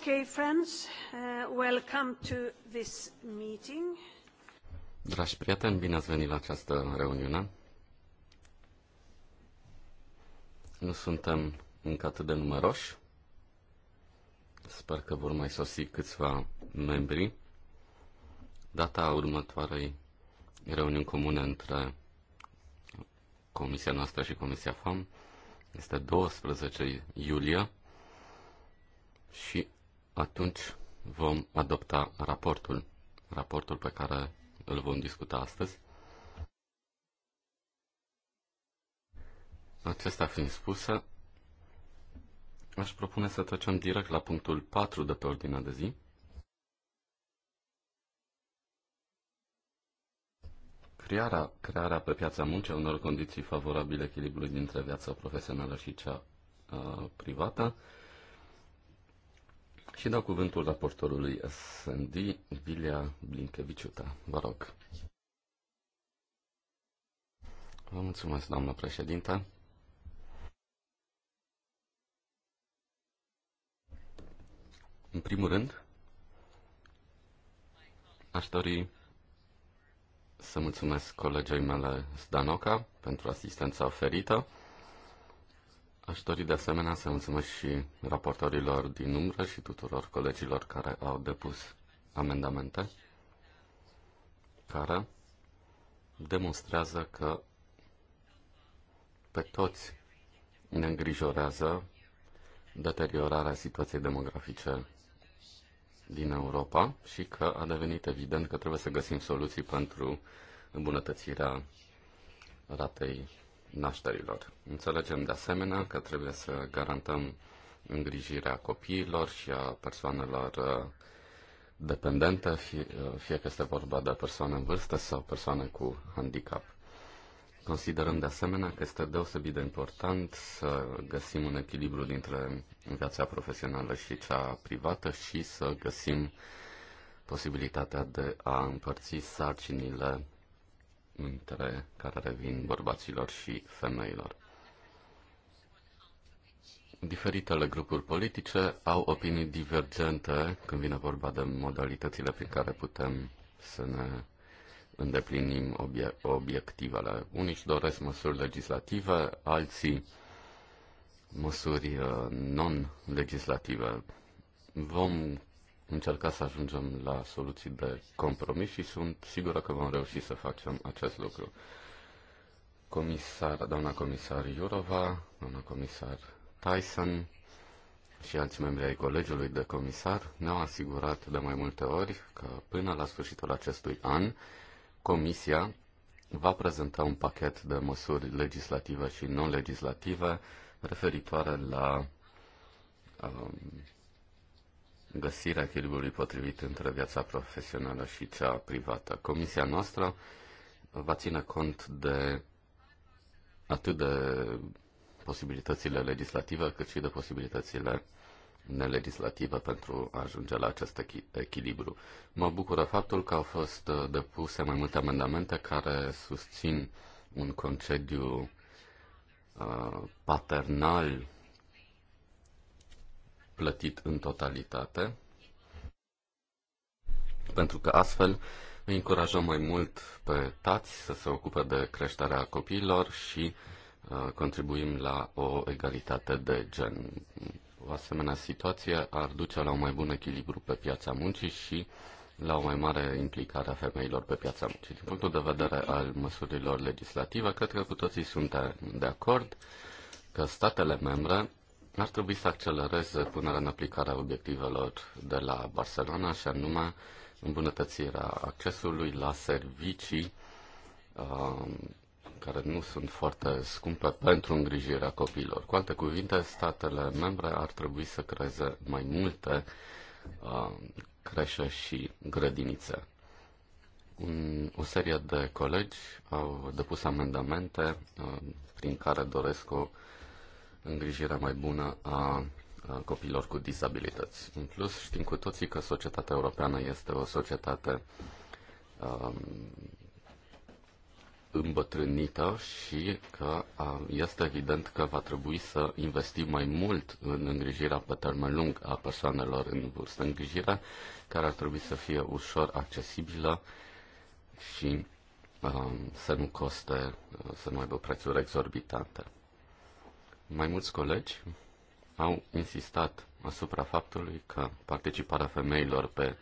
Okay, friends, uh, welcome to this meeting. Dragi prieteni, bine ați venit la această reuniune. Nu suntem încă atât de numeroși. Sper că vor mai sosi câțiva membri. Data următoarei reuniuni comune între Comisia noastră și Comisia FAM este 12 iulie și atunci vom adopta raportul, raportul pe care îl vom discuta astăzi. Acesta fiind spusă, aș propune să trecem direct la punctul 4 de pe ordinea de zi. Crearea, crearea pe piața muncii unor condiții favorabile echilibrului dintre viața profesională și cea uh, privată, și dau cuvântul raportorului SND, Vilia Blinkeviciuta. Vă rog. Vă mulțumesc, doamnă președintă. În primul rând, aș dori să mulțumesc colegei mele Zdanoca pentru asistența oferită Aș dori de asemenea să mulțumesc și raportorilor din umbră și tuturor colegilor care au depus amendamente care demonstrează că pe toți ne îngrijorează deteriorarea situației demografice din Europa și că a devenit evident că trebuie să găsim soluții pentru îmbunătățirea ratei nașterilor. Înțelegem de asemenea că trebuie să garantăm îngrijirea copiilor și a persoanelor uh, dependente, fie, uh, fie că este vorba de persoane în vârstă sau persoane cu handicap. Considerăm de asemenea că este deosebit de important să găsim un echilibru dintre viața profesională și cea privată și să găsim posibilitatea de a împărți sarcinile între care revin bărbaților și femeilor. Diferitele grupuri politice au opinii divergente când vine vorba de modalitățile prin care putem să ne îndeplinim obie- obiectivele. Unii își doresc măsuri legislative, alții măsuri uh, non-legislative. Vom încercat să ajungem la soluții de compromis și sunt sigură că vom reuși să facem acest lucru. Comisar, doamna comisar Iurova, doamna comisar Tyson și alți membri ai Colegiului de Comisar ne-au asigurat de mai multe ori că până la sfârșitul acestui an Comisia va prezenta un pachet de măsuri legislative și non-legislative referitoare la um, găsirea echilibrului potrivit între viața profesională și cea privată. Comisia noastră va ține cont de atât de posibilitățile legislative, cât și de posibilitățile nelegislative pentru a ajunge la acest echilibru. Mă bucură faptul că au fost depuse mai multe amendamente care susțin un concediu uh, paternal plătit în totalitate, pentru că astfel îi încurajăm mai mult pe tați să se ocupe de creșterea copiilor și uh, contribuim la o egalitate de gen. O asemenea situație ar duce la un mai bun echilibru pe piața muncii și la o mai mare implicare a femeilor pe piața muncii. Din punctul de vedere al măsurilor legislative, cred că cu toții suntem de acord că statele membre ar trebui să accelereze punerea în aplicare a obiectivelor de la Barcelona și anume îmbunătățirea accesului la servicii um, care nu sunt foarte scumpe pentru îngrijirea copiilor. Cu alte cuvinte, statele membre ar trebui să creeze mai multe uh, creșe și grădinițe. Un, o serie de colegi au depus amendamente uh, prin care doresc o îngrijirea mai bună a copilor cu dizabilități. În plus, știm cu toții că societatea europeană este o societate um, îmbătrânită și că este evident că va trebui să investim mai mult în îngrijirea pe termen lung a persoanelor în vârstă. Îngrijirea care ar trebui să fie ușor accesibilă și um, să nu coste, să nu aibă prețuri exorbitante. Mai mulți colegi au insistat asupra faptului că participarea femeilor pe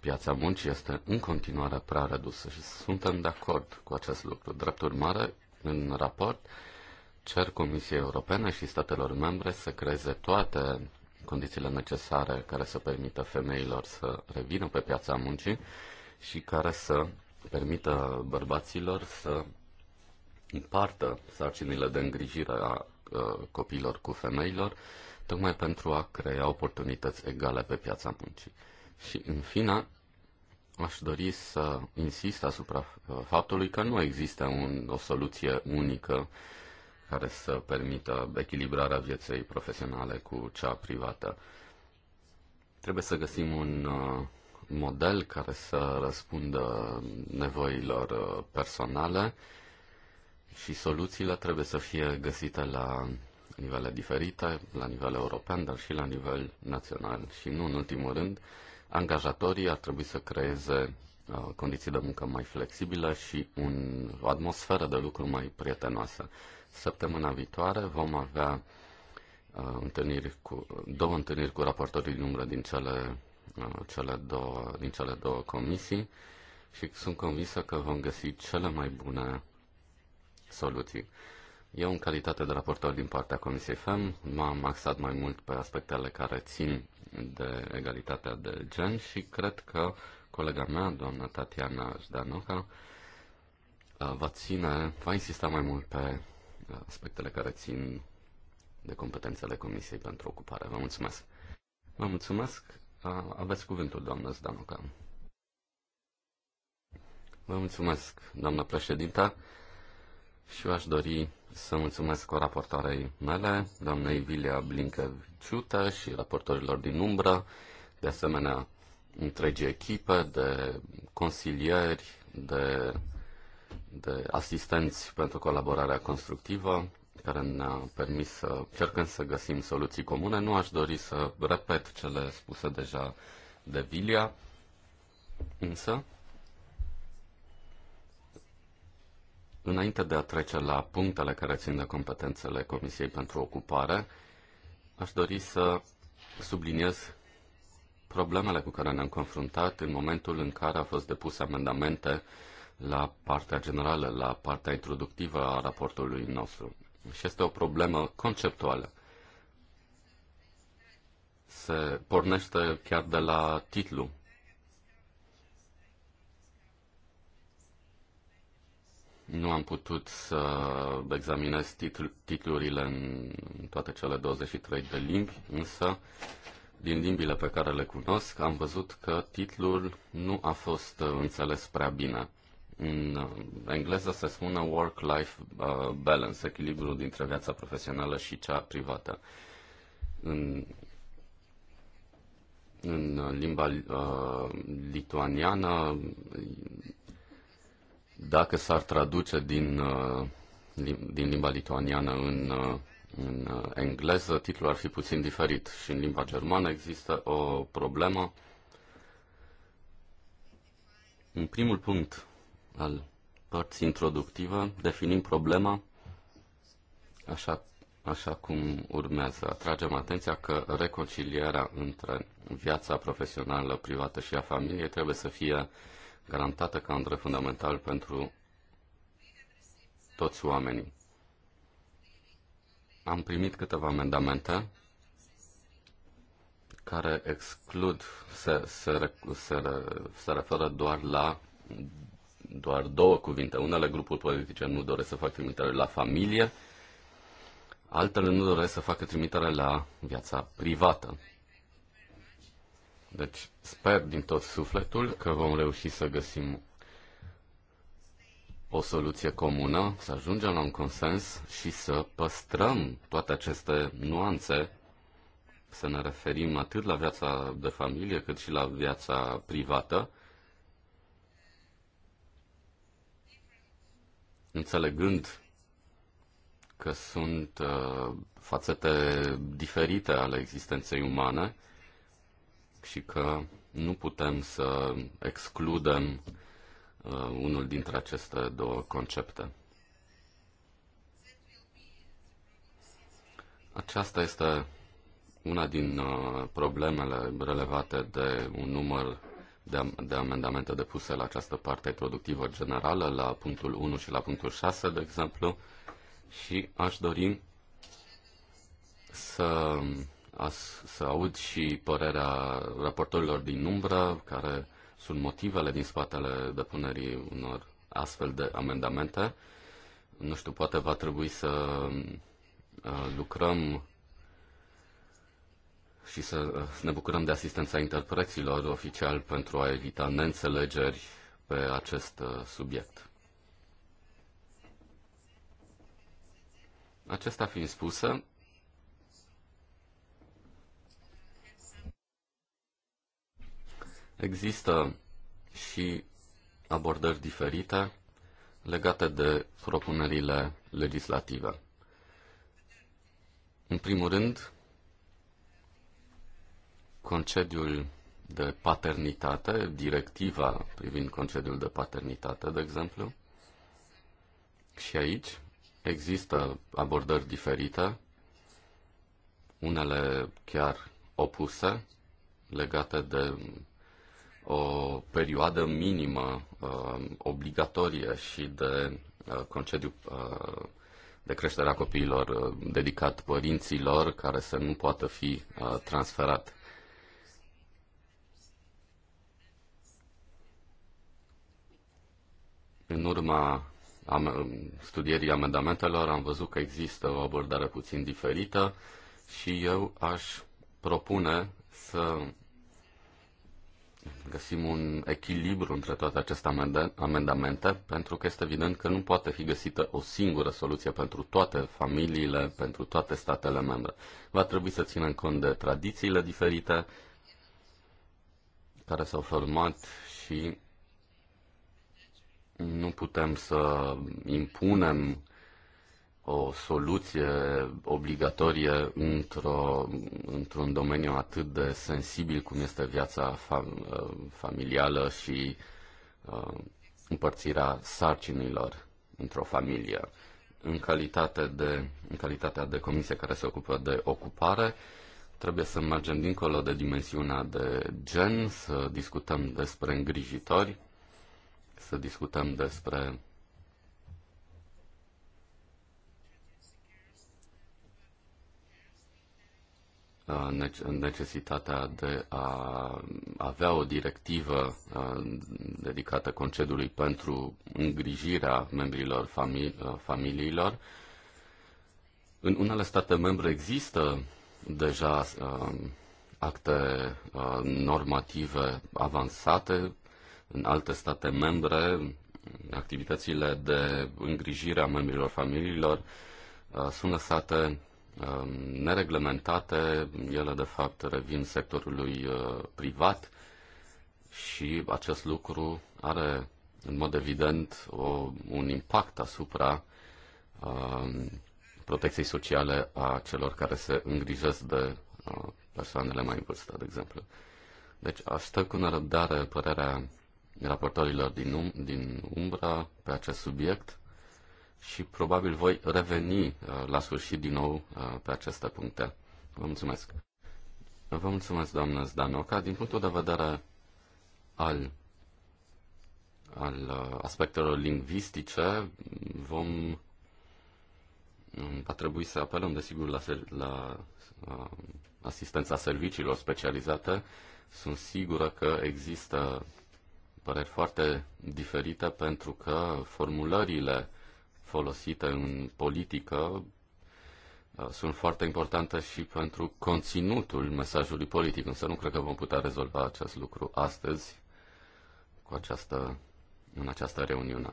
piața muncii este în continuare prea redusă și suntem de acord cu acest lucru. Drept urmare, în raport, cer Comisiei Europene și statelor membre să creeze toate condițiile necesare care să permită femeilor să revină pe piața muncii și care să permită bărbaților să împartă sarcinile de îngrijire a Uh, copiilor cu femeilor, tocmai pentru a crea oportunități egale pe piața muncii. Și, în fine, aș dori să insist asupra uh, faptului că nu există un, o soluție unică care să permită echilibrarea vieței profesionale cu cea privată. Trebuie să găsim un uh, model care să răspundă nevoilor personale, și soluțiile trebuie să fie găsite la nivele diferite, la nivel european, dar și la nivel național. Și nu în ultimul rând, angajatorii ar trebui să creeze uh, condiții de muncă mai flexibile și un, o atmosferă de lucru mai prietenoasă. Săptămâna viitoare vom avea uh, întâlniri cu, două întâlniri cu raportorii din umbră din cele, uh, cele două, din cele două comisii și sunt convinsă că vom găsi cele mai bune soluții. Eu, în calitate de raportor din partea Comisiei FEM, m-am axat mai mult pe aspectele care țin de egalitatea de gen și cred că colega mea, doamna Tatiana Jdanoca, va ține, va insista mai mult pe aspectele care țin de competențele Comisiei pentru Ocupare. Vă mulțumesc! Vă mulțumesc! Aveți cuvântul, doamna Zdanoca. Vă mulțumesc, doamna președinta și eu aș dori să mulțumesc cu raportoarei mele, doamnei Vilia Blincă-Ciută și raportorilor din umbră, de asemenea întregi echipe de consilieri, de, de asistenți pentru colaborarea constructivă, care ne-a permis să cercăm să găsim soluții comune. Nu aș dori să repet cele spuse deja de Vilia, însă Înainte de a trece la punctele care țin de competențele Comisiei pentru Ocupare, aș dori să subliniez problemele cu care ne-am confruntat în momentul în care au fost depuse amendamente la partea generală, la partea introductivă a raportului nostru. Și este o problemă conceptuală. Se pornește chiar de la titlu. Nu am putut să examinez titl- titlurile în toate cele 23 de limbi, însă din limbile pe care le cunosc am văzut că titlul nu a fost înțeles prea bine. În engleză se spune work-life uh, balance, echilibru dintre viața profesională și cea privată. În, în limba uh, lituaniană dacă s-ar traduce din, uh, din limba lituaniană în, uh, în uh, engleză, titlul ar fi puțin diferit și în limba germană există o problemă. În primul punct al părții introductive definim problema așa Așa cum urmează, atragem atenția că reconcilierea între viața profesională, privată și a familiei trebuie să fie garantată ca un drept fundamental pentru toți oamenii. Am primit câteva amendamente care exclud, se, se, se, se referă doar la doar două cuvinte. Unele grupuri politice nu doresc să facă trimitere la familie, altele nu doresc să facă trimitere la viața privată. Deci sper din tot sufletul că vom reuși să găsim o soluție comună, să ajungem la un consens și să păstrăm toate aceste nuanțe, să ne referim atât la viața de familie cât și la viața privată, înțelegând că sunt uh, fațete diferite ale existenței umane și că nu putem să excludem uh, unul dintre aceste două concepte. Aceasta este una din uh, problemele relevate de un număr de, de amendamente depuse la această parte productivă generală, la punctul 1 și la punctul 6, de exemplu, și aș dori să as, să aud și părerea raportorilor din umbră, care sunt motivele din spatele depunerii unor astfel de amendamente. Nu știu, poate va trebui să uh, lucrăm și să uh, ne bucurăm de asistența interpreților oficial pentru a evita neînțelegeri pe acest uh, subiect. Acestea fiind spusă, Există și abordări diferite legate de propunerile legislative. În primul rând, concediul de paternitate, directiva privind concediul de paternitate, de exemplu. Și aici există abordări diferite, unele chiar opuse, legate de o perioadă minimă uh, obligatorie și de uh, concediu uh, de creșterea copiilor uh, dedicat părinților care să nu poată fi uh, transferat. În urma studierii amendamentelor am văzut că există o abordare puțin diferită și eu aș propune să găsim un echilibru între toate aceste amendamente, pentru că este evident că nu poate fi găsită o singură soluție pentru toate familiile, pentru toate statele membre. Va trebui să ținem cont de tradițiile diferite care s-au format și nu putem să impunem o soluție obligatorie într-o, într-un domeniu atât de sensibil cum este viața fam- familială și uh, împărțirea sarcinilor într-o familie. În, calitate de, în calitatea de comisie care se ocupă de ocupare, trebuie să mergem dincolo de dimensiunea de gen, să discutăm despre îngrijitori, să discutăm despre Uh, necesitatea de a avea o directivă uh, dedicată concediului pentru îngrijirea membrilor famili- uh, familiilor. În unele state membre există deja acte normative avansate, în alte state membre activitățile de îngrijire a membrilor familiilor sunt lăsate Um, nereglementate, ele de fapt revin sectorului uh, privat și acest lucru are în mod evident o, un impact asupra um, protecției sociale a celor care se îngrijesc de uh, persoanele mai în vârstă, de exemplu. Deci aștept cu nerăbdare părerea raportorilor din, um- din umbra pe acest subiect și probabil voi reveni uh, la sfârșit din nou uh, pe aceste puncte. Vă mulțumesc. Vă mulțumesc, doamnă Zdanoca. Din punctul de vedere al, al uh, aspectelor lingvistice, vom va trebui să apelăm, desigur, la, la asistența serviciilor specializate. Sunt sigură că există păreri foarte diferite pentru că formulările folosită în politică uh, sunt foarte importante și pentru conținutul mesajului politic, însă nu cred că vom putea rezolva acest lucru astăzi cu această, în această reuniune.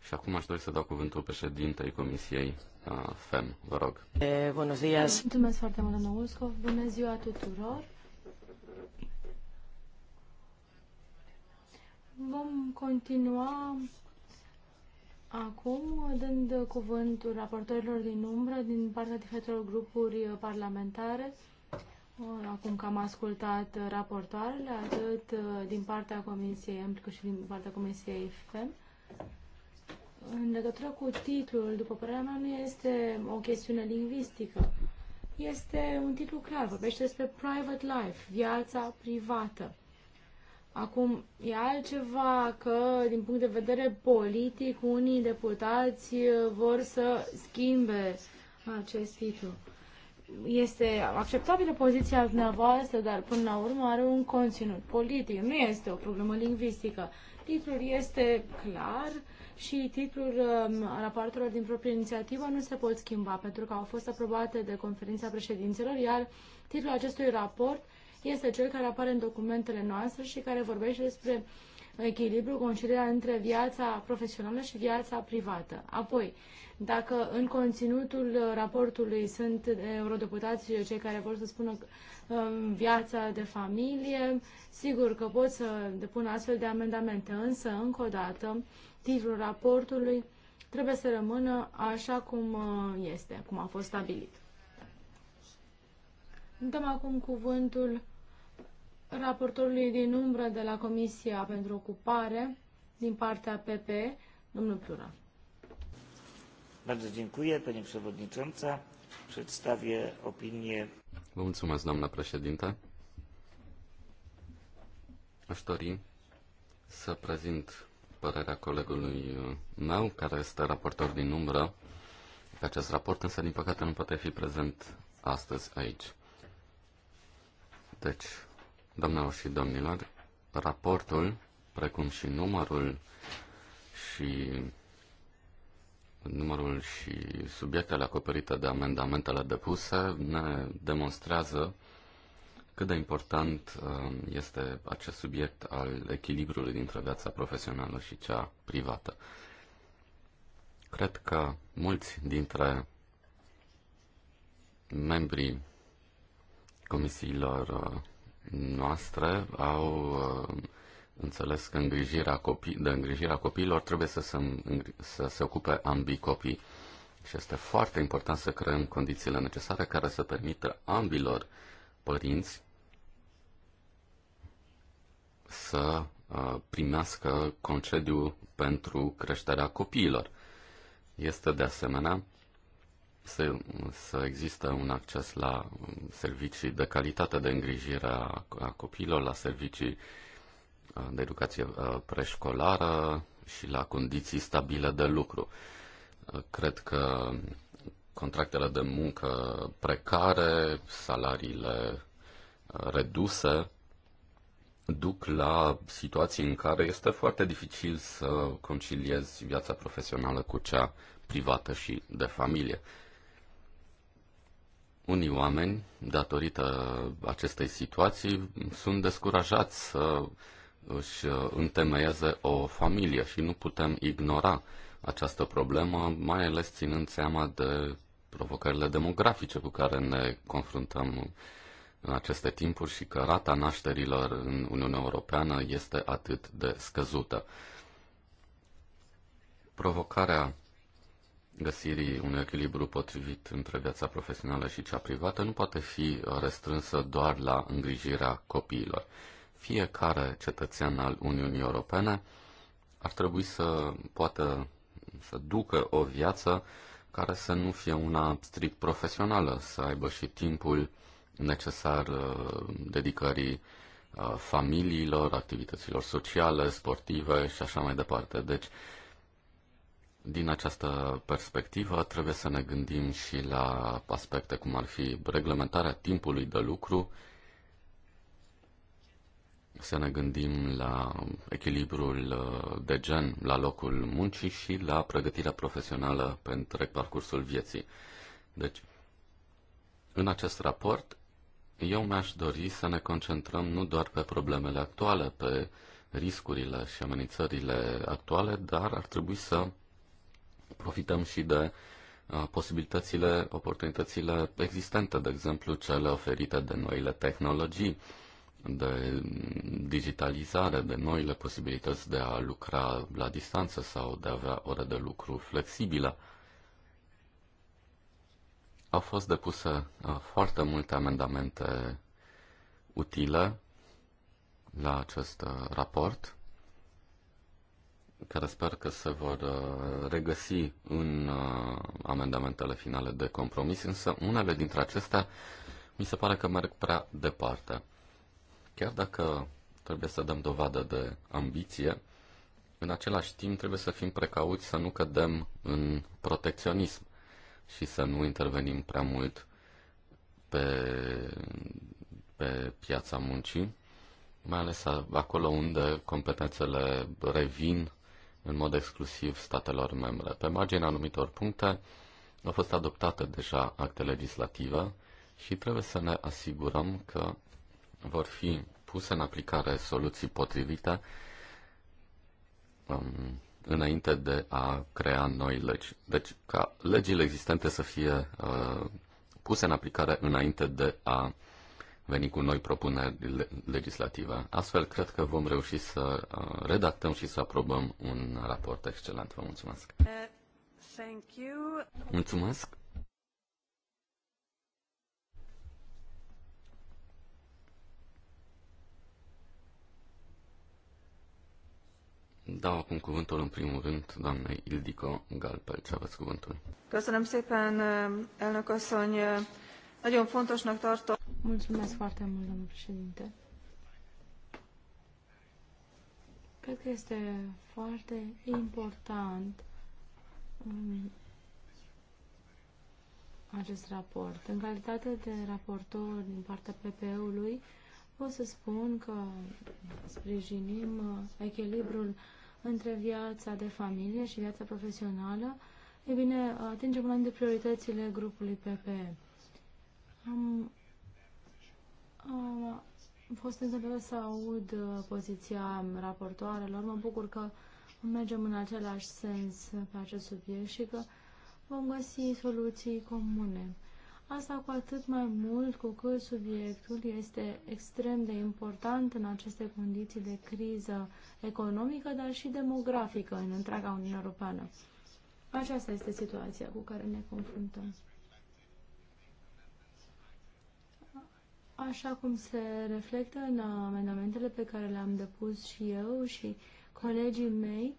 Și acum aș dori să dau cuvântul președintei Comisiei uh, FEM. Vă rog. E, eh, buenos Mulțumesc foarte mult, domnul Uscov. Bună ziua tuturor. Vom continua acum, dând cuvântul raportorilor din umbră, din partea diferitelor grupuri parlamentare. Acum că am ascultat raportoarele, atât din partea Comisiei M, cât și din partea Comisiei FEM, în legătură cu titlul, după părerea mea, nu este o chestiune lingvistică. Este un titlu clar, vorbește despre private life, viața privată. Acum, e altceva că, din punct de vedere politic, unii deputați uh, vor să schimbe acest titlu. Este acceptabilă poziția dumneavoastră, dar până la urmă are un conținut politic. Nu este o problemă lingvistică. Titlul este clar și titlul um, raportelor din proprie inițiativă nu se pot schimba pentru că au fost aprobate de conferința președinților, iar titlul acestui raport uh, este cel care apare în documentele noastre și care vorbește despre echilibru, concilierea între viața profesională și viața privată. Apoi, dacă în conținutul raportului sunt eurodeputații cei care vor să spună um, viața de familie, sigur că pot să depun astfel de amendamente, însă, încă o dată, titlul raportului trebuie să rămână așa cum uh, este, cum a fost stabilit. Dăm acum cuvântul raportorului din umbră de la Comisia pentru Ocupare din partea PP, domnul Plura. Bardzo dziękuję, panie przewodnicząca. Przedstawię opinię. Vă mulțumesc, doamna președinte. Aș dori să prezint părerea colegului meu, care este raportor din umbră pe acest raport, însă din păcate nu poate fi prezent astăzi aici. Deci, Doamnelor și domnilor, raportul, precum și numărul și numărul și subiectele acoperite de amendamentele depuse ne demonstrează cât de important uh, este acest subiect al echilibrului dintre viața profesională și cea privată. Cred că mulți dintre membrii comisiilor uh, noastre au uh, înțeles că îngrijirea copii, de îngrijirea copiilor trebuie să se, să se ocupe ambii copii. Și este foarte important să creăm condițiile necesare care să permită ambilor părinți să uh, primească concediu pentru creșterea copiilor. Este de asemenea să, să existe un acces la servicii de calitate de îngrijire a, a copiilor, la servicii de educație preșcolară și la condiții stabile de lucru. Cred că contractele de muncă precare, salariile reduse, duc la situații în care este foarte dificil să conciliezi viața profesională cu cea privată și de familie. Unii oameni, datorită acestei situații, sunt descurajați să își întemeieze o familie și nu putem ignora această problemă, mai ales ținând seama de provocările demografice cu care ne confruntăm în aceste timpuri și că rata nașterilor în Uniunea Europeană este atât de scăzută. Provocarea găsirii unui echilibru potrivit între viața profesională și cea privată nu poate fi restrânsă doar la îngrijirea copiilor. Fiecare cetățean al Uniunii Europene ar trebui să poată să ducă o viață care să nu fie una strict profesională, să aibă și timpul necesar uh, dedicării uh, familiilor, activităților sociale, sportive și așa mai departe. Deci, din această perspectivă, trebuie să ne gândim și la aspecte cum ar fi reglementarea timpului de lucru, să ne gândim la echilibrul uh, de gen la locul muncii și la pregătirea profesională pentru parcursul vieții. Deci, în acest raport, eu mi-aș dori să ne concentrăm nu doar pe problemele actuale, pe riscurile și amenințările actuale, dar ar trebui să profităm și de uh, posibilitățile, oportunitățile existente, de exemplu cele oferite de noile tehnologii, de digitalizare, de noile posibilități de a lucra la distanță sau de a avea ore de lucru flexibile. Au fost depuse uh, foarte multe amendamente utile la acest uh, raport care sper că se vor uh, regăsi în uh, amendamentele finale de compromis, însă unele dintre acestea mi se pare că merg prea departe. Chiar dacă trebuie să dăm dovadă de ambiție, în același timp trebuie să fim precauți să nu cădem în protecționism și să nu intervenim prea mult pe, pe piața muncii, mai ales acolo unde competențele revin în mod exclusiv statelor membre. Pe marginea anumitor puncte au fost adoptate deja acte legislative și trebuie să ne asigurăm că vor fi puse în aplicare soluții potrivite um, înainte de a crea noi legi. Deci ca legile existente să fie uh, puse în aplicare înainte de a uh, veni cu noi propuneri legislative. Astfel, cred că vom reuși să uh, redactăm și să aprobăm un raport excelent. Vă mulțumesc! Uh, thank you. Mulțumesc! Dau acum cuvântul în primul rând doamnei Ildico Galpel. Ce aveți cuvântul? Köszönöm szépen, uh, elnök asszony. Nagyon fontosnak tartom. Mulțumesc foarte mult, domnul președinte. Cred că este foarte important acest raport. În calitate de raportor din partea PPE-ului, pot să spun că sprijinim uh, echilibrul între viața de familie și viața profesională. E bine, atingem una de prioritățile grupului PPE. Am am fost întâmplat să aud uh, poziția raportoarelor. Mă bucur că mergem în același sens pe acest subiect și că vom găsi soluții comune. Asta cu atât mai mult cu cât subiectul este extrem de important în aceste condiții de criză economică, dar și demografică în întreaga Uniune Europeană. Aceasta este situația cu care ne confruntăm. așa cum se reflectă în amendamentele pe care le-am depus și eu și colegii mei,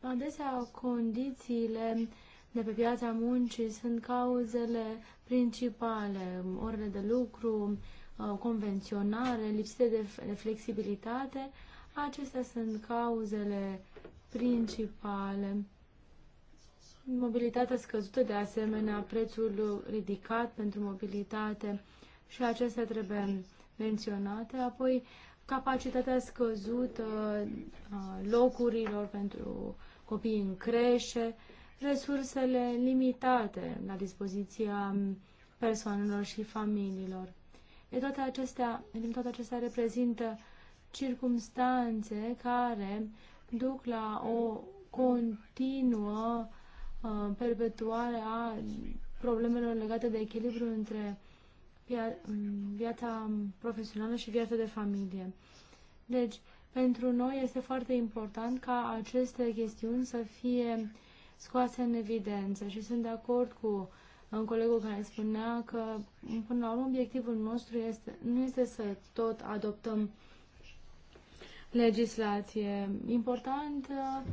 adesea condițiile de pe piața muncii sunt cauzele principale, orele de lucru, uh, convenționare, lipsite de flexibilitate, acestea sunt cauzele principale mobilitatea scăzută, de asemenea, prețul ridicat pentru mobilitate și acestea trebuie menționate. Apoi, capacitatea scăzută a locurilor pentru copii în creșe, resursele limitate la dispoziția persoanelor și familiilor. De toate acestea, din toate acestea reprezintă circumstanțe care duc la o continuă Uh, a problemelor legate de echilibru între mm, viața profesională și viața de familie. Deci, pentru noi este foarte important ca aceste chestiuni să fie scoase în evidență și sunt de acord cu un uh, colegul care spunea că, mm, până la urmă, obiectivul nostru este, nu este să tot adoptăm legislație. Important uh,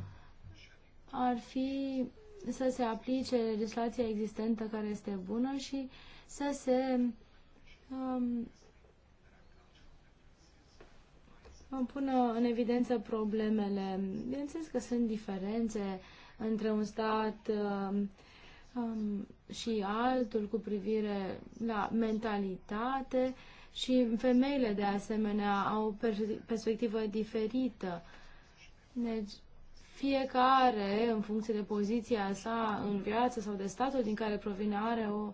ar fi să se aplice legislația existentă care este bună și să se um, pună în evidență problemele. Bineînțeles că sunt diferențe între un stat um, um, și altul cu privire la mentalitate și femeile de asemenea au o perspectivă diferită. Deci, fiecare, în funcție de poziția sa în viață sau de statul din care provine, are o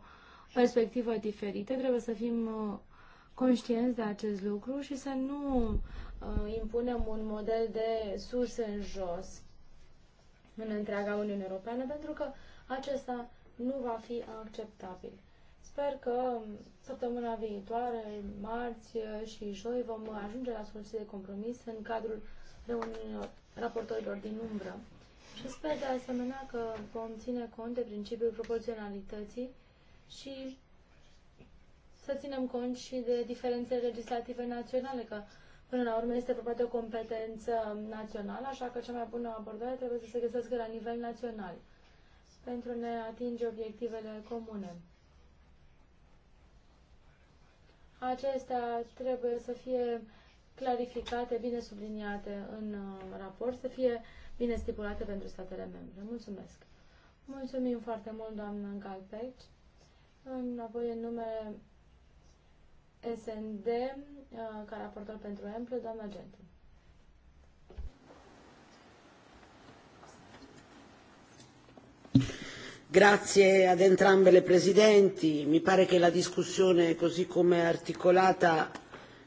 perspectivă diferită. Trebuie să fim uh, conștienți de acest lucru și să nu uh, impunem un model de sus în jos în întreaga Uniune Europeană, pentru că acesta nu va fi acceptabil. Sper că um, săptămâna viitoare, marți uh, și joi, vom ajunge la soluții de compromis în cadrul reuniunilor raportorilor din umbră. Și sper de asemenea că vom ține cont de principiul proporționalității și să ținem cont și de diferențele legislative naționale, că până la urmă este vorba de o competență națională, așa că cea mai bună abordare trebuie să se găsească la nivel național pentru a ne atinge obiectivele comune. Acestea trebuie să fie clarificate, bine subliniate în uh, raport, să fie bine stipulate pentru statele membre. Mulțumesc! Mulțumim foarte mult, doamnă Galpec. Înapoi în numele SND, uh, ca raportor pentru EMPLU, doamna Gentu. Grazie ad entrambe le presidenti. Mi pare che la discussione, così come articolata,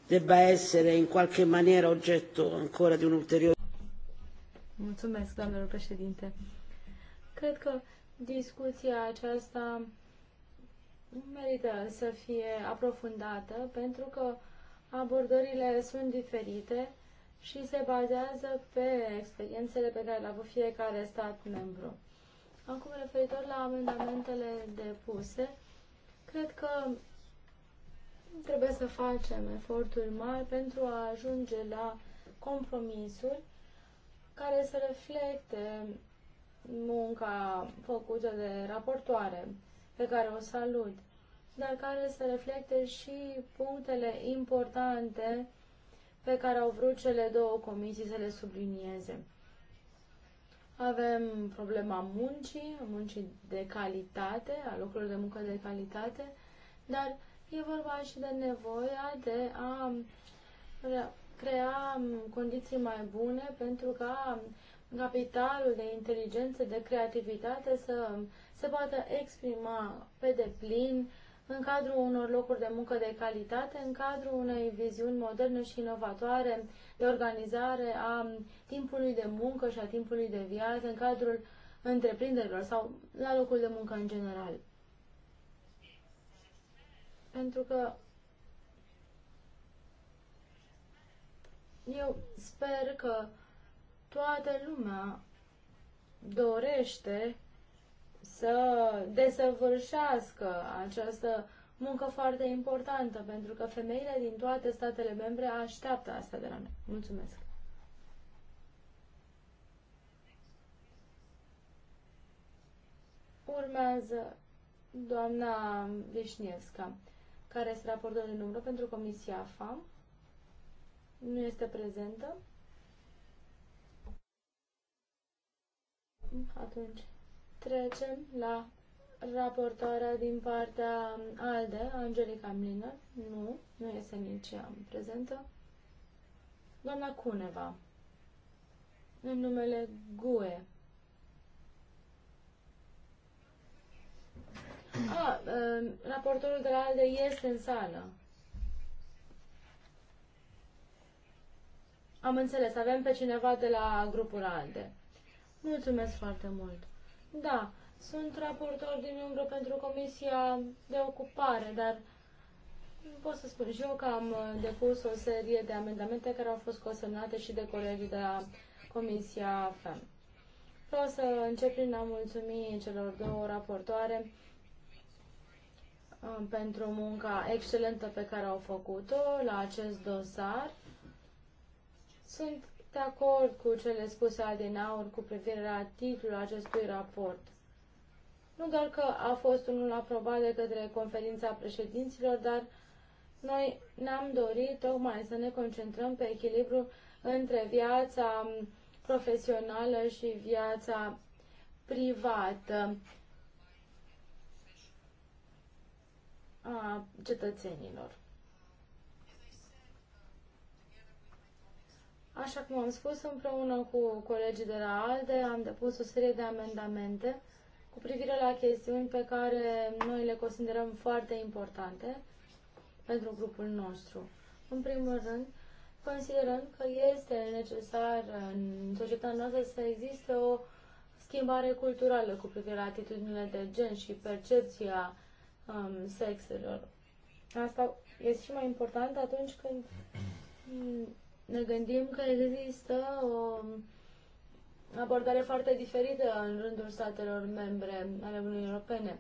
debba essere in qualche maniera oggetto ancora di un ulteriore. Mulțumesc, doamnelor președinte. Cred că discuția aceasta merită să fie aprofundată pentru că abordările sunt diferite și se bazează pe experiențele pe care le-a avut fiecare stat membru. Acum, referitor la amendamentele depuse, cred că Trebuie să facem eforturi mari pentru a ajunge la compromisuri care să reflecte munca făcută de raportoare, pe care o salut, dar care să reflecte și punctele importante pe care au vrut cele două comisii să le sublinieze. Avem problema muncii, muncii de calitate, a lucrurilor de muncă de calitate, dar E vorba și de nevoia de a crea condiții mai bune pentru ca capitalul de inteligență, de creativitate să se poată exprima pe deplin în cadrul unor locuri de muncă de calitate, în cadrul unei viziuni moderne și inovatoare de organizare a timpului de muncă și a timpului de viață, în cadrul întreprinderilor sau la locul de muncă în general pentru că eu sper că toată lumea dorește să desăvârșească această muncă foarte importantă, pentru că femeile din toate statele membre așteaptă asta de la noi. Mulțumesc! Urmează doamna Vișnievska care este raportul de număr pentru Comisia FAM. Nu este prezentă. Atunci trecem la raportarea din partea ALDE, Angelica Mlină. Nu, nu este nici ea prezentă. Doamna Cuneva, în numele GUE, Ah, um, raportorul de la ALDE este în sală. Am înțeles, avem pe cineva de la grupul ALDE. Mulțumesc foarte mult. Da, sunt raportor din umbră pentru Comisia de Ocupare, dar pot să spun și eu că am uh, depus o serie de amendamente care au fost consemnate și de colegii de la Comisia FEM. Vreau să încep prin a mulțumi celor două raportoare pentru munca excelentă pe care au făcut-o la acest dosar. Sunt de acord cu cele spuse Adinaur cu privire la titlul acestui raport. Nu doar că a fost unul aprobat de către conferința președinților, dar noi ne-am dorit tocmai să ne concentrăm pe echilibru între viața profesională și viața privată. a cetățenilor. Așa cum am spus, împreună cu colegii de la ALDE am depus o serie de amendamente cu privire la chestiuni pe care noi le considerăm foarte importante pentru grupul nostru. În primul rând, considerăm că este necesar în societatea noastră să existe o schimbare culturală cu privire la atitudinile de gen și percepția um, sexelor. Asta este și mai important atunci când ne gândim că există o abordare foarte diferită în rândul statelor membre ale Uniunii Europene.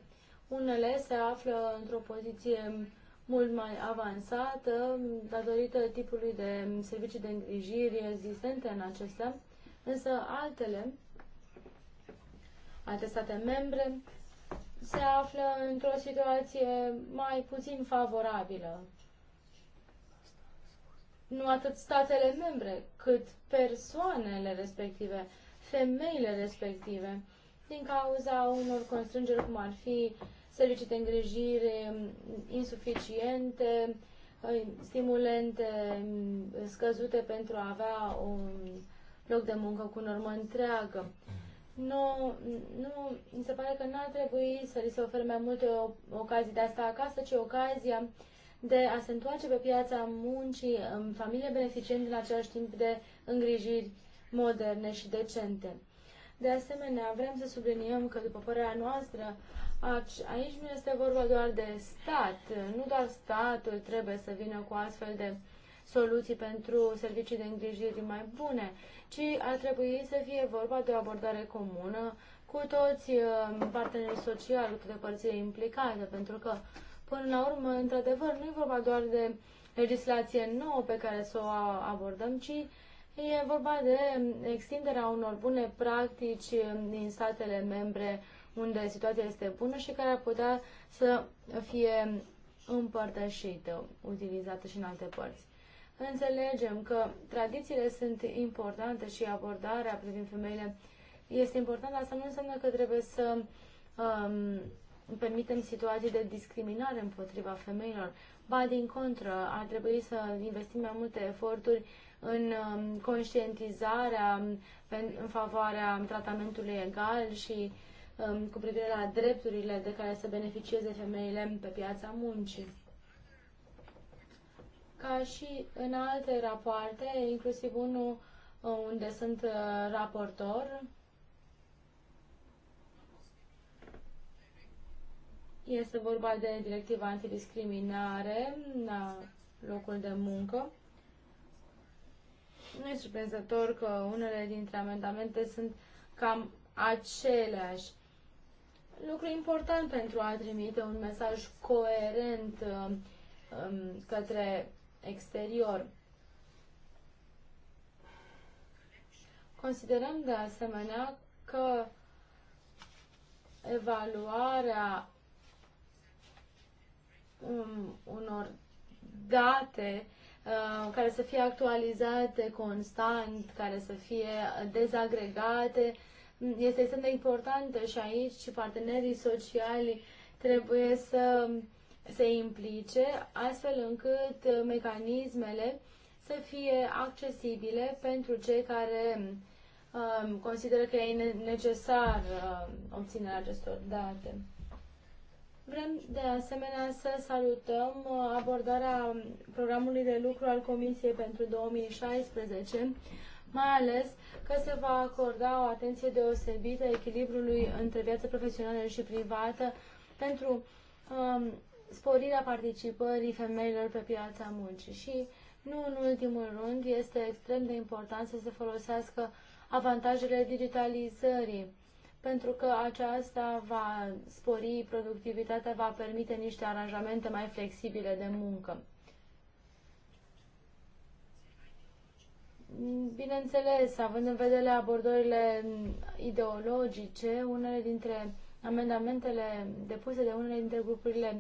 Unele se află într-o poziție mult mai avansată datorită tipului de servicii de îngrijiri existente în acestea, însă altele, alte state membre, se află într-o situație mai puțin favorabilă. Nu atât statele membre, cât persoanele respective, femeile respective, din cauza unor constrângeri cum ar fi servicii de îngrijire mm, insuficiente, ă, stimulente mm, scăzute pentru a avea un loc de muncă cu normă întreagă nu, nu, mi se pare că nu ar trebui să li se ofere mai multe uh, ocazii de asta acasă, ci ocazia de a se întoarce pe piața muncii în familie beneficient în același timp de îngrijiri moderne și decente. De asemenea, vrem să subliniem că, după părerea noastră, aici nu este vorba doar de stat. Nu doar statul trebuie să vină cu astfel de soluții pentru servicii de îngrijiri mai bune, ci ar trebui să fie vorba de o abordare comună cu toți uh, partenerii sociali, cu toate părțile implicate, pentru că, până la urmă, într-adevăr, nu e vorba doar de legislație nouă pe care să o abordăm, ci e vorba de extinderea unor bune practici uh, din statele membre unde situația este bună și care ar putea să fie împărtășită, utilizată și în alte părți. Înțelegem că tradițiile sunt importante și abordarea privind femeile este importantă. Asta nu înseamnă că trebuie să um, permitem situații de discriminare împotriva femeilor. Ba, din contră, ar trebui să investim mai multe eforturi în um, conștientizarea um, în favoarea tratamentului egal și um, cu privire la drepturile de care să beneficieze femeile pe piața muncii. Ca și în alte rapoarte, inclusiv unul uh, unde sunt uh, raportor, este vorba de directiva antidiscriminare la locul de muncă. Nu e surprinzător că unele dintre amendamente sunt cam aceleași. Lucru important pentru a trimite un mesaj coerent uh, um, către exterior. Considerăm de asemenea că evaluarea um, unor date uh, care să fie actualizate constant, care să fie dezagregate, mm, este extrem de importantă și aici și partenerii sociali trebuie să se implice, astfel încât mecanismele să fie accesibile pentru cei care um, consideră că e necesar um, obținerea acestor date. Vrem de asemenea să salutăm uh, abordarea programului de lucru al Comisiei pentru 2016, mai ales că se va acorda o atenție deosebită echilibrului între viața profesională și privată pentru um, sporirea participării femeilor pe piața muncii și, nu în ultimul rând, este extrem de important să se folosească avantajele digitalizării, pentru că aceasta va spori productivitatea, va permite niște aranjamente mai flexibile de muncă. Bineînțeles, având în vedere abordările ideologice, unele dintre amendamentele depuse de unele dintre grupurile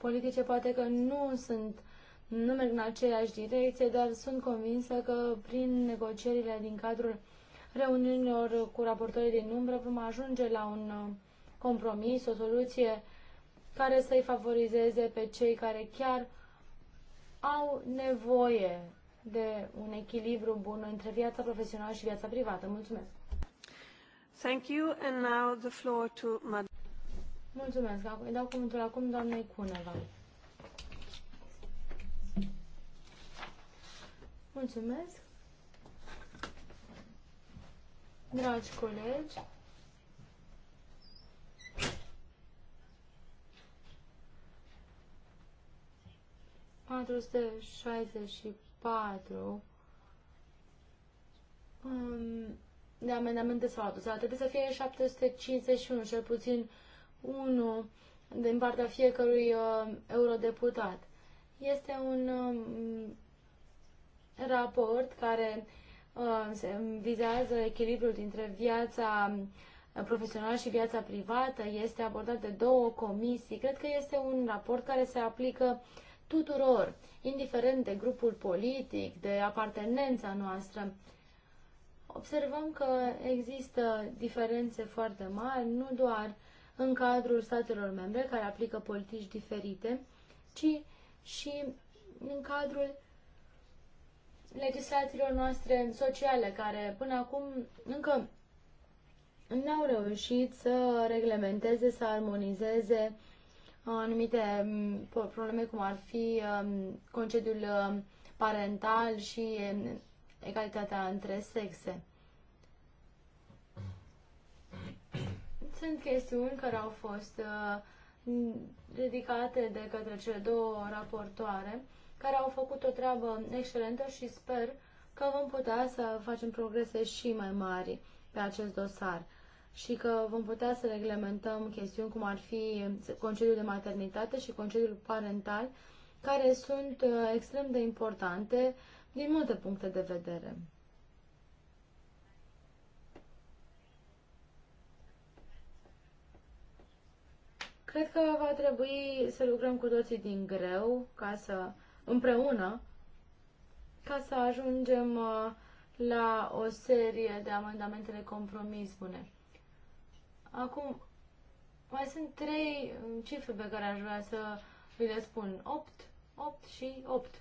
politice poate că nu sunt nu merg în aceeași direcție, dar sunt convinsă că prin negocierile din cadrul reuniunilor cu raportorii din umbră vom ajunge la un uh, compromis, o soluție care să-i favorizeze pe cei care chiar au nevoie de un echilibru bun între viața profesională și viața privată. Mulțumesc! Thank you and now the floor to Mulțumesc. Îi dau cuvântul acum doamnei Cuneva. Mulțumesc. Dragi colegi, patru um, de amendamente s-au adus. Ar trebui să fie 751, cel puțin 1 din partea fiecărui uh, eurodeputat. Este un uh, raport care uh, se vizează echilibrul dintre viața uh, profesională și viața privată, este abordat de două comisii. Cred că este un raport care se aplică tuturor, indiferent de grupul politic, de apartenența noastră. Observăm că există diferențe foarte mari, nu doar uh, în cadrul statelor membre care aplică politici diferite, ci și în cadrul legislațiilor noastre sociale, care până acum încă n-au reușit să reglementeze, să armonizeze uh, anumite mm, probleme, cum ar fi um, concediul um, parental și um, egalitatea între sexe. Sunt chestiuni care au fost dedicate uh, de către cele două raportoare, care au făcut o treabă excelentă și sper că vom putea să facem progrese și mai mari pe acest dosar și că vom putea să reglementăm chestiuni cum ar fi concediul de maternitate și concediul parental, care sunt uh, extrem de importante din multe puncte de vedere. Cred că va trebui să lucrăm cu toții din greu, ca să, împreună, ca să ajungem uh, la o serie de amendamente de compromis bune. Acum, mai sunt trei um, cifre pe care aș vrea să vi le spun. 8, 8 și 8.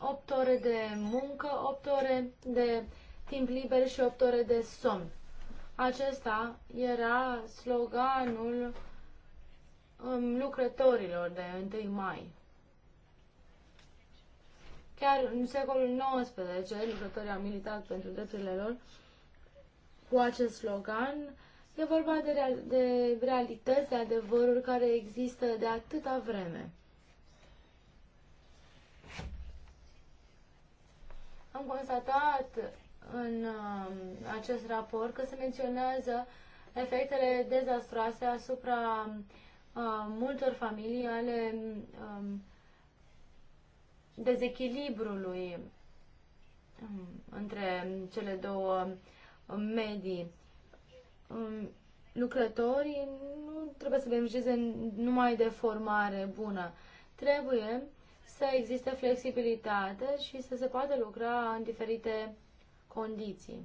8 ore de muncă, 8 ore de timp liber și 8 ore de somn. Acesta era sloganul um, lucrătorilor de 1 mai. Chiar în secolul XIX, lucrătorii au militat pentru drepturile lor cu acest slogan. E vorba de, real, de realități, de adevăruri care există de atâta vreme. Am constatat în um, acest raport că se menționează efectele dezastroase asupra uh, multor familii ale um, dezechilibrului um, între cele două medii. Lucrătorii nu trebuie să beneficieze numai de formare bună. Trebuie să existe flexibilitate și să se poată lucra în diferite condiții.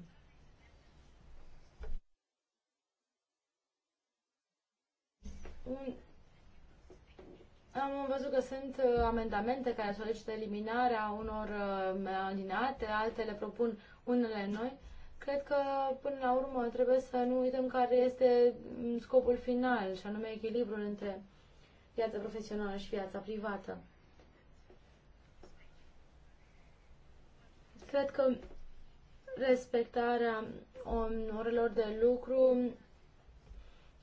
Am văzut că sunt uh, amendamente care solicită eliminarea unor uh, alineate, altele propun unele noi. Cred că, până la urmă, trebuie să nu uităm care este mm, scopul final, și anume echilibrul între viața profesională și viața privată. Cred că respectarea orelor de lucru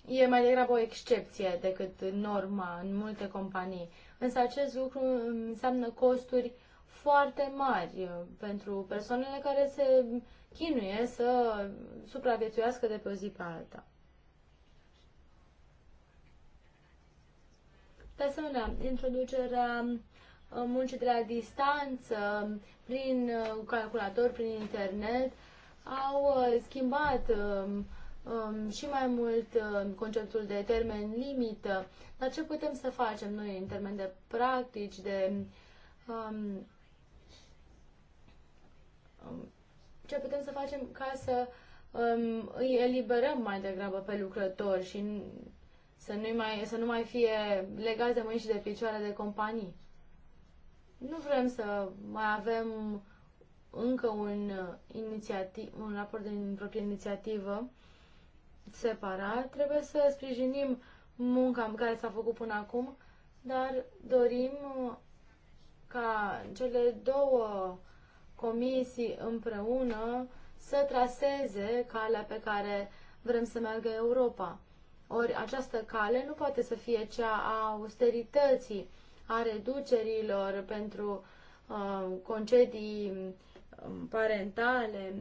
e mai degrabă o excepție decât norma în multe companii. Însă acest lucru înseamnă costuri foarte mari uh, pentru persoanele care se chinuie să supraviețuiască de pe o zi pe alta. De asemenea, introducerea Uh, munci de la distanță, prin uh, calculator, prin internet, au uh, schimbat um, um, și mai mult conceptul de termen limită. Dar ce putem să facem noi în termen de practici, de um, um ce putem să facem ca să um, îi eliberăm mai degrabă pe lucrători și să nu mai, să nu mai fie legați de mâini și de picioare de companii? Nu vrem să mai avem încă un, uh, inițiativ, un raport din proprie inițiativă separat. Trebuie să sprijinim munca care s-a făcut până acum, dar dorim uh, ca cele două comisii împreună să traseze calea pe care vrem să meargă Europa. Ori această cale nu poate să fie cea a austerității, a reducerilor pentru uh, concedii um, parentale,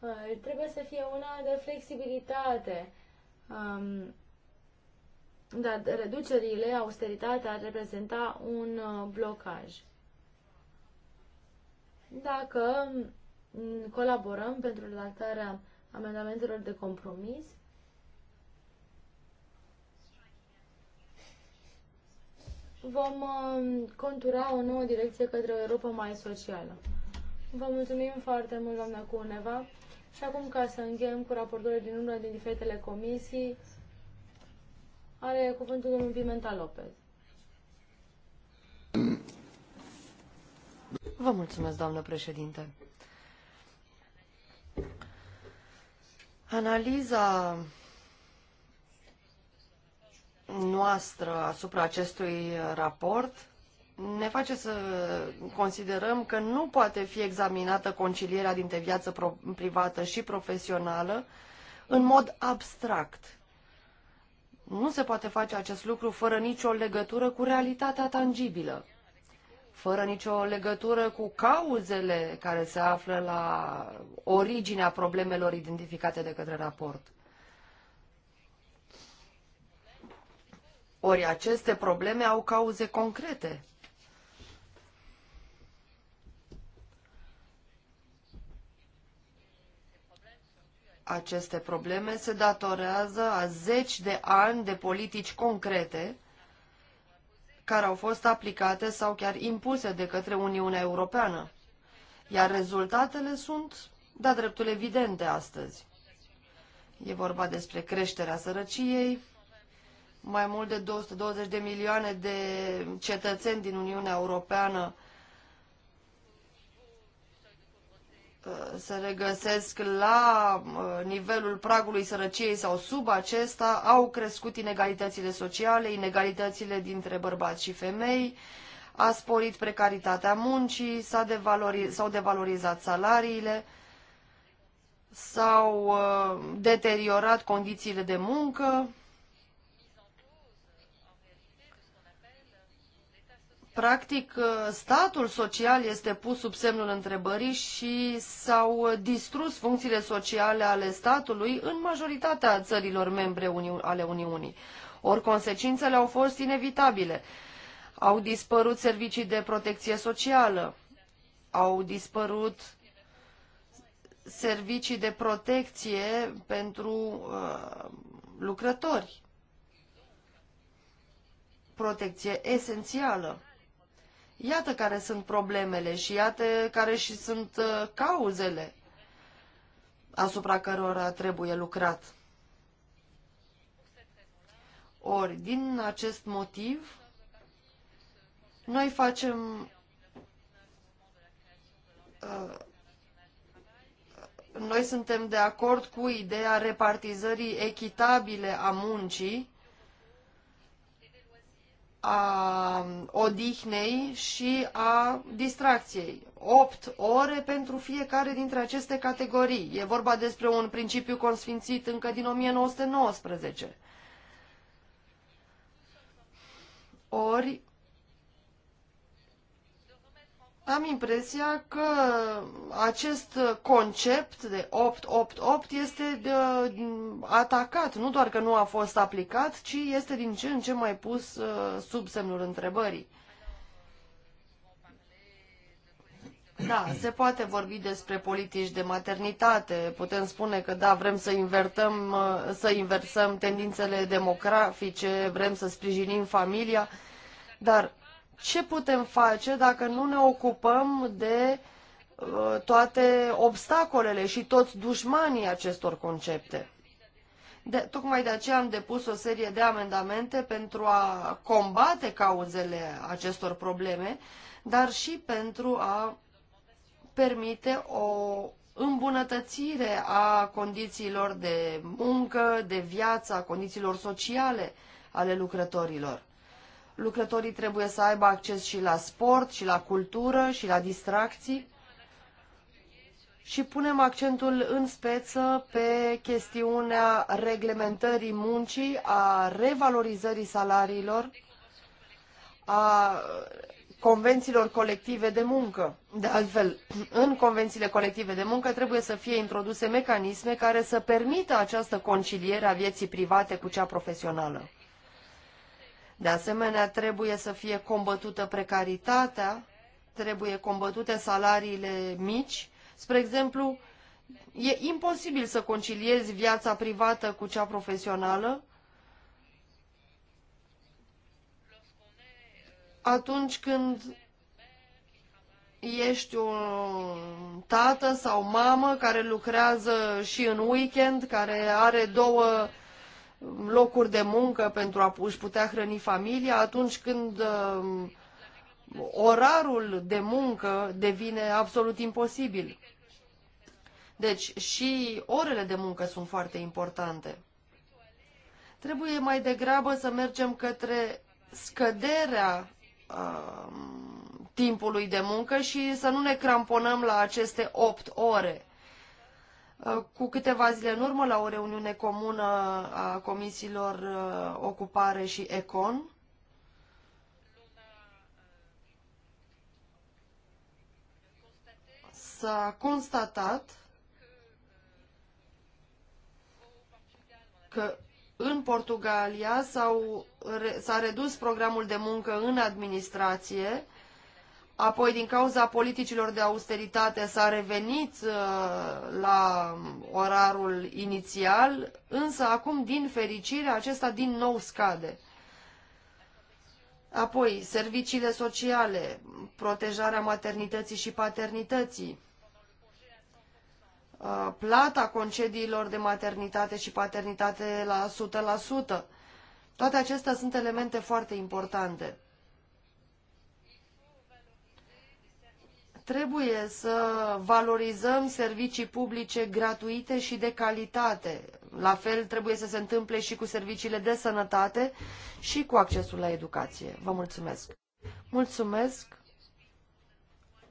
uh, trebuie să fie una de flexibilitate. Um, dar reducerile, austeritatea ar reprezenta un uh, blocaj. Dacă mm, colaborăm pentru redactarea amendamentelor de compromis, vom um, contura o nouă direcție către o Europa mai socială. Vă mulțumim foarte mult, doamna Cuneva. Și acum, ca să încheiem cu raportorul din una din diferitele comisii, are cuvântul domnul Pimenta Lopez. Vă mulțumesc, doamnă președinte. Analiza noastră asupra acestui raport ne face să considerăm că nu poate fi examinată concilierea dintre viață privată și profesională în mod abstract. Nu se poate face acest lucru fără nicio legătură cu realitatea tangibilă, fără nicio legătură cu cauzele care se află la originea problemelor identificate de către raport. Ori aceste probleme au cauze concrete. Aceste probleme se datorează a zeci de ani de politici concrete care au fost aplicate sau chiar impuse de către Uniunea Europeană, iar rezultatele sunt de-a dreptul evidente astăzi. E vorba despre creșterea sărăciei, mai mult de 220 de milioane de cetățeni din Uniunea Europeană uh, se regăsesc la uh, nivelul pragului sărăciei sau sub acesta, au crescut inegalitățile sociale, inegalitățile dintre bărbați și femei, a sporit precaritatea muncii, s-au devalori, devalorizat salariile, s-au uh, deteriorat condițiile de muncă, Practic, uh, statul social este pus sub semnul întrebării și s-au uh, distrus funcțiile sociale ale statului în majoritatea țărilor membre ale Uniunii. Ori consecințele au fost inevitabile. Au dispărut servicii de protecție socială, au dispărut servicii de protecție pentru uh, lucrători, protecție esențială. Iată care sunt problemele și iată care și sunt uh, cauzele asupra cărora trebuie lucrat. Ori, din acest motiv, noi facem uh, noi suntem de acord cu ideea repartizării echitabile a muncii a odihnei și a distracției. 8 ore pentru fiecare dintre aceste categorii. E vorba despre un principiu consfințit încă din 1919. Ori am impresia că acest concept de opt este de, atacat, nu doar că nu a fost aplicat, ci este din ce în ce mai pus uh, sub semnul întrebării. Da, se poate vorbi despre politici de maternitate. Putem spune că da, vrem să invertăm, uh, să inversăm tendințele demografice, vrem să sprijinim familia, dar ce putem face dacă nu ne ocupăm de uh, toate obstacolele și toți dușmanii acestor concepte. De, tocmai de aceea am depus o serie de amendamente pentru a combate cauzele acestor probleme, dar și pentru a permite o îmbunătățire a condițiilor de muncă, de viață, a condițiilor sociale ale lucrătorilor lucrătorii trebuie să aibă acces și la sport, și la cultură, și la distracții. Și punem accentul în speță pe chestiunea reglementării muncii, a revalorizării salariilor, a convențiilor colective de muncă. De altfel, în convențiile colective de muncă trebuie să fie introduse mecanisme care să permită această conciliere a vieții private cu cea profesională. De asemenea, trebuie să fie combătută precaritatea, trebuie combătute salariile mici. Spre exemplu, e imposibil să conciliezi viața privată cu cea profesională atunci când ești un tată sau mamă care lucrează și în weekend, care are două locuri de muncă pentru a își putea hrăni familia atunci când um, orarul de muncă devine absolut imposibil. Deci și orele de muncă sunt foarte importante. Trebuie mai degrabă să mergem către scăderea uh, timpului de muncă și să nu ne cramponăm la aceste 8 ore. Uh, cu câteva zile în urmă la o reuniune comună a comisiilor uh, Ocupare și Econ. S-a constatat că în Portugalia s-a redus programul de muncă în administrație Apoi, din cauza politicilor de austeritate, s-a revenit uh, la orarul inițial, însă acum, din fericire, acesta din nou scade. Apoi, serviciile sociale, protejarea maternității și paternității, uh, plata concediilor de maternitate și paternitate la 100%. Toate acestea sunt elemente foarte importante. Trebuie să valorizăm servicii publice gratuite și de calitate. La fel trebuie să se întâmple și cu serviciile de sănătate și cu accesul la educație. Vă mulțumesc! Mulțumesc!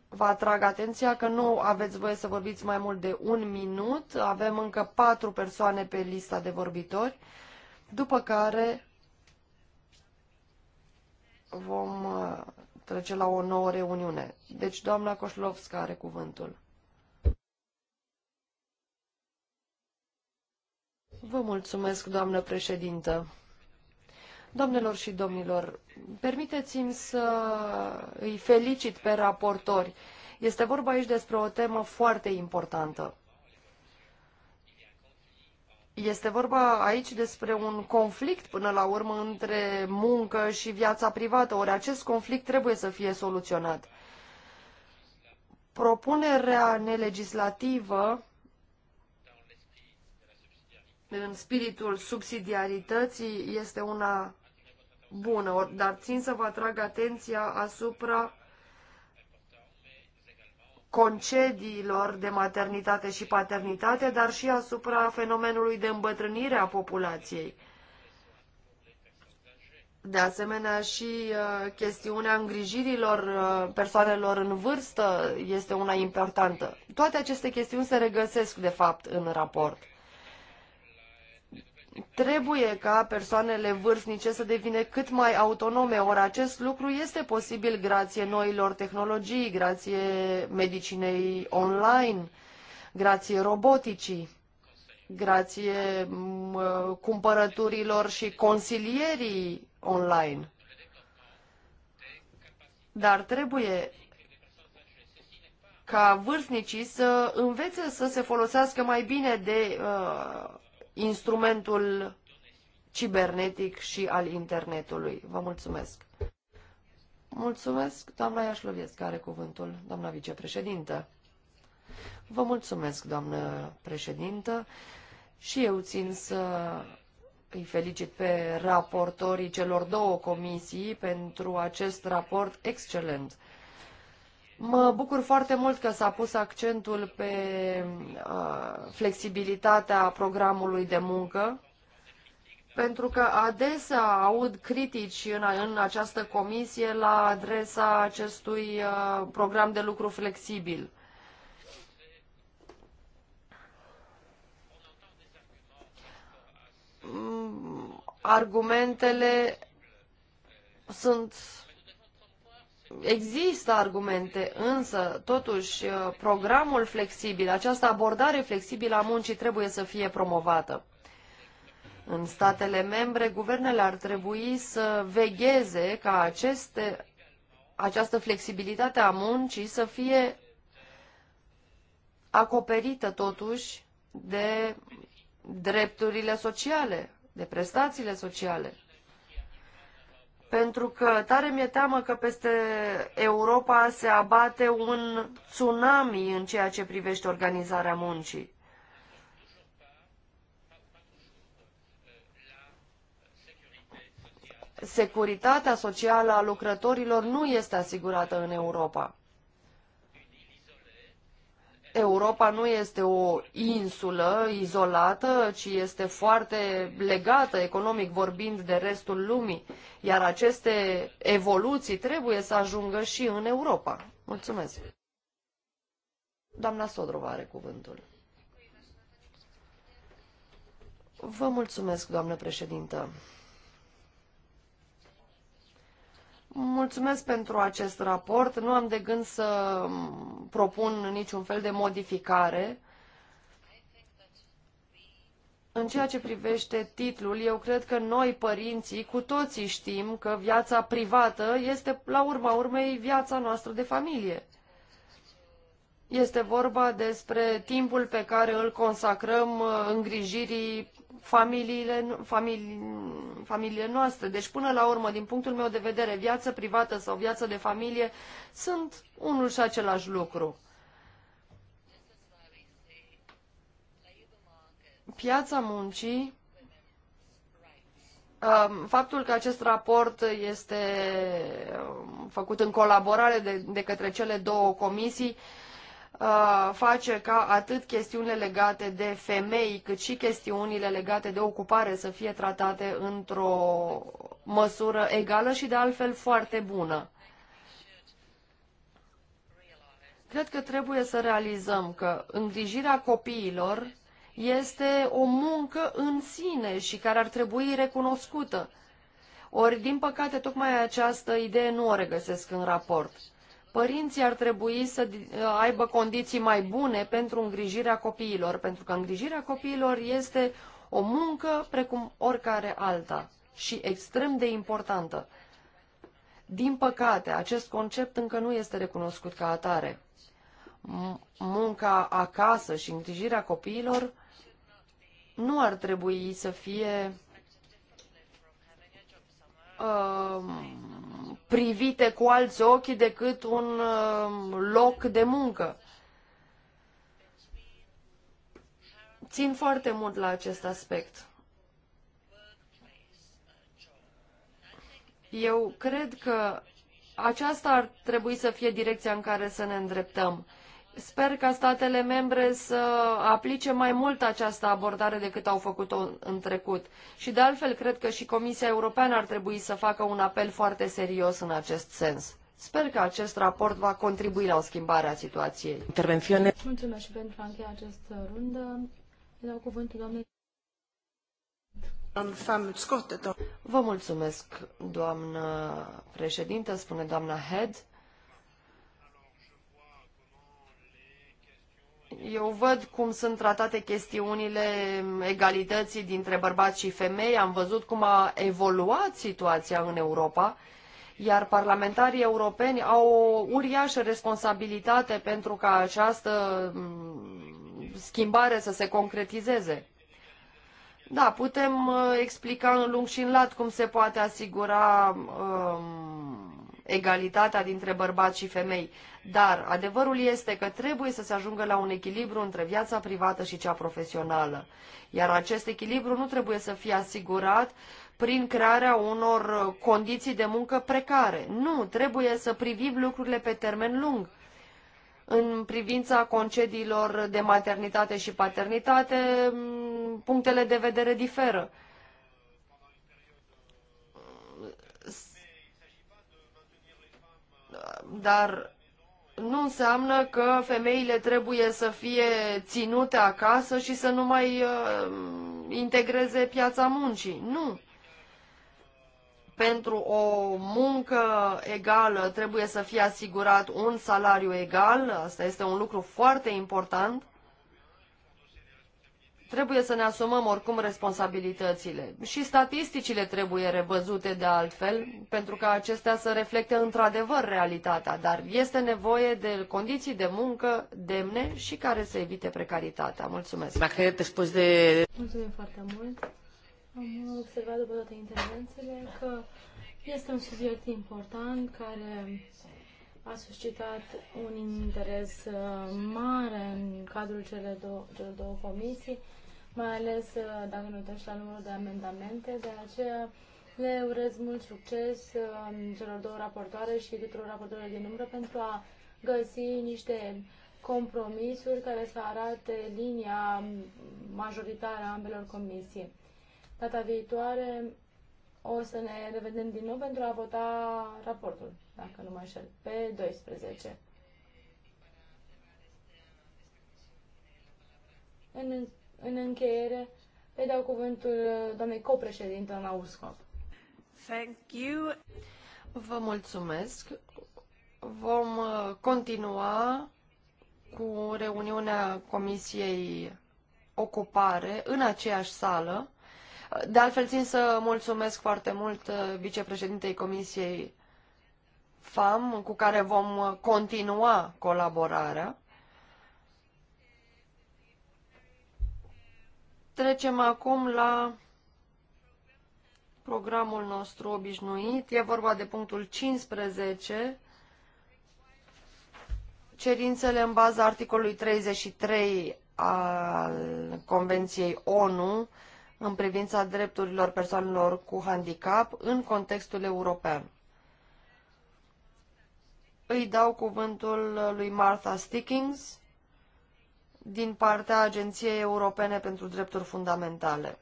Vă atrag atenția că nu aveți voie să vorbiți mai mult de un minut. Avem încă patru persoane pe lista de vorbitori, după care vom uh, trece la o nouă reuniune. Deci, doamna Coșlovska are cuvântul. Vă mulțumesc, doamnă președintă. Doamnelor și domnilor, permiteți-mi să îi felicit pe raportori. Este vorba aici despre o temă foarte importantă. Este vorba aici despre un conflict până la urmă între muncă și viața privată, ori acest conflict trebuie să fie soluționat. Propunerea nelegislativă în spiritul subsidiarității este una bună, dar țin să vă atrag atenția asupra concediilor de maternitate și paternitate, dar și asupra fenomenului de îmbătrânire a populației. De asemenea, și uh, chestiunea îngrijirilor uh, persoanelor în vârstă este una importantă. Toate aceste chestiuni se regăsesc, de fapt, în raport. Trebuie ca persoanele vârstnice să devină cât mai autonome, ori acest lucru este posibil grație noilor tehnologii, grație medicinei online, grație roboticii, grație cumpărăturilor și consilierii online. Dar trebuie ca vârstnicii să învețe să se folosească mai bine de uh, instrumentul cibernetic și al internetului. Vă mulțumesc! Mulțumesc, doamna Iașloviesc, are cuvântul, doamna vicepreședintă. Vă mulțumesc, doamnă președintă, și eu țin să îi felicit pe raportorii celor două comisii pentru acest raport excelent. Mă bucur foarte mult că s-a pus accentul pe uh, flexibilitatea programului de muncă, pentru că adesea aud critici în, în această comisie la adresa acestui uh, program de lucru flexibil. Mm, argumentele sunt Există argumente, însă, totuși, uh, programul flexibil, această abordare flexibilă a muncii trebuie să fie promovată. În statele membre, guvernele ar trebui să vegheze ca aceste, această flexibilitate a muncii să fie acoperită totuși de drepturile sociale, de prestațiile sociale pentru că tare mi-e teamă că peste Europa se abate un tsunami în ceea ce privește organizarea muncii. Securitatea socială a lucrătorilor nu este asigurată în Europa. Europa nu este o insulă izolată, ci este foarte legată, economic vorbind, de restul lumii, iar aceste evoluții trebuie să ajungă și în Europa. Mulțumesc. Doamna Sodrova are cuvântul. Vă mulțumesc, doamnă președintă. Mulțumesc pentru acest raport. Nu am de gând să propun niciun fel de modificare. În ceea ce privește titlul, eu cred că noi, părinții, cu toții știm că viața privată este, la urma urmei, viața noastră de familie. Este vorba despre timpul pe care îl consacrăm îngrijirii familiile, familii, familiile noastre. Deci, până la urmă, din punctul meu de vedere, viață privată sau viață de familie sunt unul și același lucru. Piața muncii, um, faptul că acest raport este um, făcut în colaborare de, de către cele două comisii, Uh, face ca atât chestiunile legate de femei, cât și chestiunile legate de ocupare să fie tratate într-o măsură egală și de altfel foarte bună. Cred că trebuie să realizăm că îngrijirea copiilor este o muncă în sine și care ar trebui recunoscută. Ori, din păcate, tocmai această idee nu o regăsesc în raport. Părinții ar trebui să uh, aibă condiții mai bune pentru îngrijirea copiilor, pentru că îngrijirea copiilor este o muncă precum oricare alta și extrem de importantă. Din păcate, acest concept încă nu este recunoscut ca atare. Munca acasă și îngrijirea copiilor nu ar trebui să fie um, privite cu alți ochi decât un uh, loc de muncă. Țin foarte mult la acest aspect. Eu cred că aceasta ar trebui să fie direcția în care să ne îndreptăm. Sper ca statele membre să aplice mai mult această abordare decât au făcut-o în trecut. Și de altfel, cred că și Comisia Europeană ar trebui să facă un apel foarte serios în acest sens. Sper că acest raport va contribui la o schimbare a situației. Intervențiune. Mulțumesc pentru a încheia această rundă. Îi dau cuvântul doamnei. Vă mulțumesc, doamnă președintă, spune doamna Head. Eu văd cum sunt tratate chestiunile egalității dintre bărbați și femei, am văzut cum a evoluat situația în Europa, iar parlamentarii europeni au o uriașă responsabilitate pentru ca această mm, schimbare să se concretizeze. Da, putem uh, explica în lung și în lat cum se poate asigura um, egalitatea dintre bărbați și femei, dar adevărul este că trebuie să se ajungă la un echilibru între viața privată și cea profesională. Iar acest echilibru nu trebuie să fie asigurat prin crearea unor condiții de muncă precare. Nu, trebuie să privim lucrurile pe termen lung. În privința concediilor de maternitate și paternitate, mm, punctele de vedere diferă. dar nu înseamnă că femeile trebuie să fie ținute acasă și să nu mai uh, integreze piața muncii. Nu. Pentru o muncă egală trebuie să fie asigurat un salariu egal, asta este un lucru foarte important, Trebuie să ne asumăm oricum responsabilitățile și statisticile trebuie revăzute de altfel, pentru ca acestea să reflecte într-adevăr realitatea, dar este nevoie de condiții de muncă demne și care să evite precaritatea. Mulțumesc! Dacă después de... Mulțumim foarte mult! Am observat după toate intervențiile că este un subiect important care a suscitat un interes uh, mare în cadrul cele două, celor două comisii mai ales uh, dacă ne uităm și la numărul de amendamente, de aceea le urez mult succes um, celor două raportoare și tuturor raportorilor din umbră pentru a găsi niște compromisuri care să arate linia majoritară a ambelor comisii. Data viitoare o să ne revedem din nou pentru a vota raportul, dacă nu mă înșel, pe 12. În în încheiere, le dau cuvântul uh, doamnei copreședinte Ana Uscop. Thank you. Vă mulțumesc. Vom uh, continua cu reuniunea Comisiei Ocupare în aceeași sală. De altfel, țin să mulțumesc foarte mult uh, vicepreședintei Comisiei FAM, cu care vom continua colaborarea. Trecem acum la programul nostru obișnuit. E vorba de punctul 15, cerințele în baza articolului 33 al Convenției ONU în privința drepturilor persoanelor cu handicap în contextul european. Îi dau cuvântul lui Martha Stickings din partea Agenției Europene pentru Drepturi Fundamentale.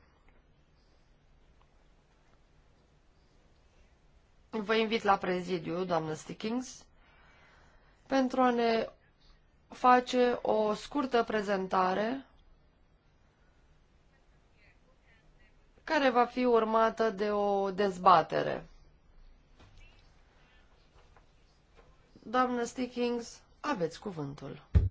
Vă invit la prezidiu, doamnă Stickings, pentru a ne face o scurtă prezentare care va fi urmată de o dezbatere. Doamnă Stickings, aveți cuvântul.